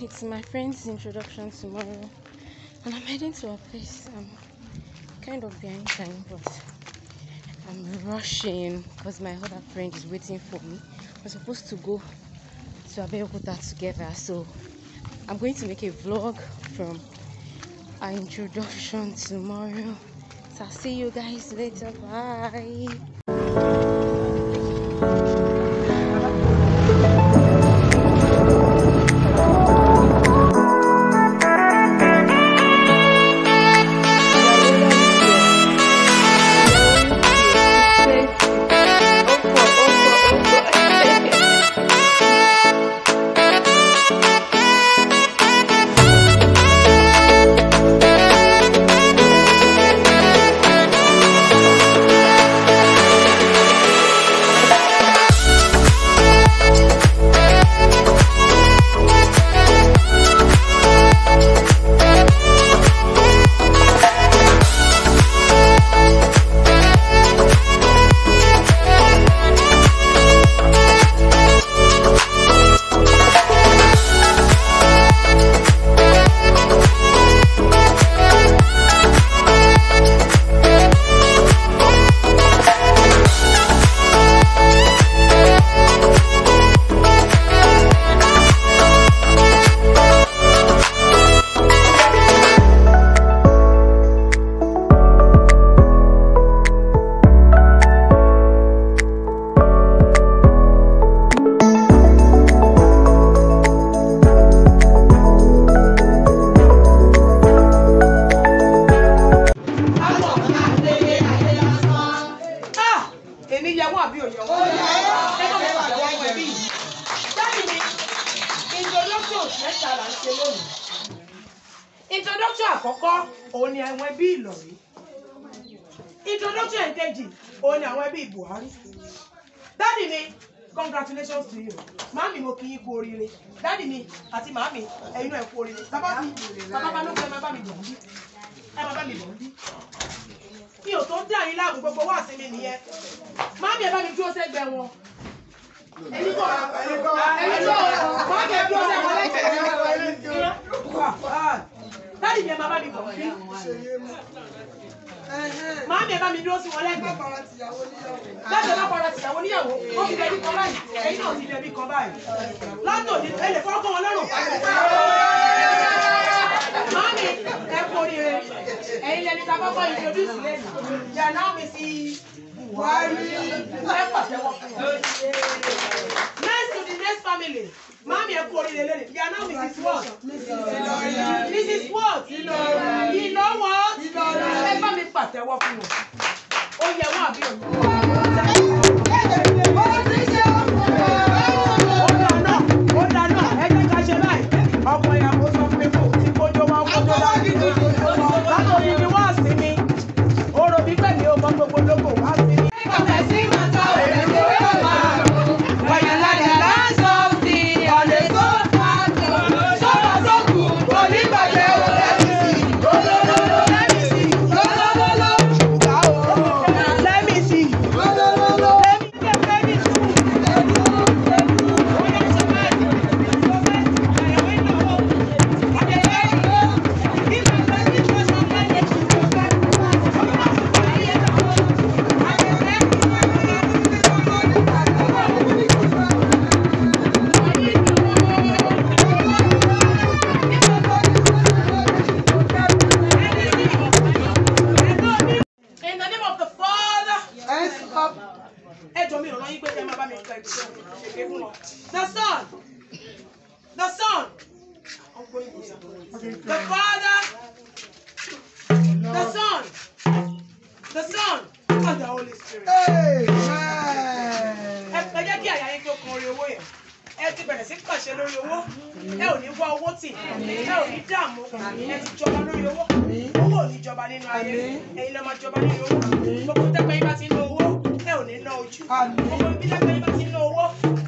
it's my friend's introduction tomorrow, and I'm heading to a place. I'm um, kind of behind time, but I'm rushing because my other friend is waiting for me. We're supposed to go to Abeokuta together, so I'm going to make a vlog from our introduction tomorrow. So I'll see you guys later. Bye. àkọ́kọ́ òun ni àwọn ẹbí Ìlọ̀rí introduction èkejì òun ni àwọn ẹbí Buhari dáàdì mi congratulations to you màámi mo kì í kú oríire dáàdì mi àti màámi ẹ̀yin náà ẹ kú oríire bàbá mi bàbá bá lóko ẹ máa bá mi bọ̀ ń bí ẹ máa bá mi bọ̀ ń bí mi ò tó ń dá yín láàmú gbogbo wá sí mi nìyẹn màámi ẹ bá mi dúró sẹ́gbẹ̀ẹ́ wọn ẹni kọ́ ẹni kọ́ ẹni kọ́ màámi ẹ dúró sẹ́gbẹ̀ẹ́ wọn lẹ́gbẹ̀ẹ́ dáàdì mi ẹ máa bá Màámi ẹ bá mi dúró sí wọlé ẹgbẹ́. Láti ọba para tìyàwó níyàwó, ó fi bẹ̀bí kan báyìí, ẹ̀yin náà ti bẹ̀bí kan báyìí. Látòdì ẹ lè fọ́kàn wọn lọ́rùn pàdé. ẹ kú oríire, ẹ̀yin lẹni ta kọ́kọ́ introduce lẹ́yìn. Yàrá mi sí Buhari. Ẹ pàtẹ́wọ́ fún wọn. This family. mommy ẹ kú oríire lónìí. You are now Mrs. What? Mrs. What? What? You Ìlọrin. Ìlọrin. Ẹ bá mi pàtẹ́wọ́ fún you. Ó yẹ wọn àbí òun. The Son, the Son, the Father, the Son, the Son, and the Holy Spirit. Amen. jẹ́ ẹ ti bẹ̀rẹ̀ sí pàṣẹ lórí owó ẹ ò ní wá owó tì ẹ ò ní dààmú ẹ ti jọba lórí owó owó ò ní jọba nínú ayé ẹ̀yin lọ́ọ́ jọba nínú owó gbogbo tẹ́pẹ́ yín bá ti ń lo i ná ojú know you. pẹ̀lú bá ti ná owó.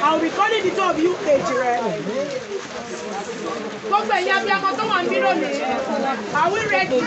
I'll be calling the two of you èjì rẹ. gbogbo ẹ̀yin abiyamọ tó wà ń bí are we ready?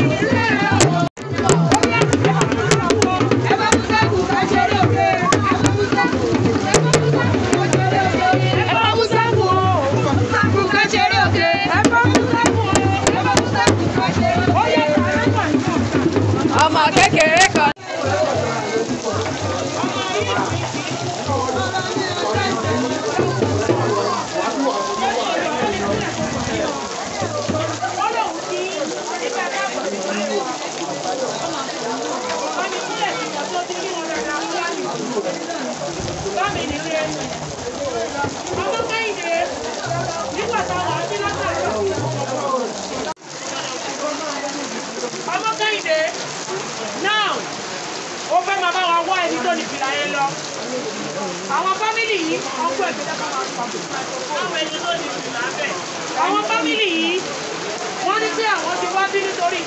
Yeah. ẹni tó ní fìlà yẹn lọ. Àwọn fámìlì yìí ọkọ ẹ̀gbẹ́ dábàá máa ń pa àwọn ẹni tó ní fìlà bẹ̀. Àwọn fámìlì yìí wọ́n ní tí àwọn ti wá bí nítorí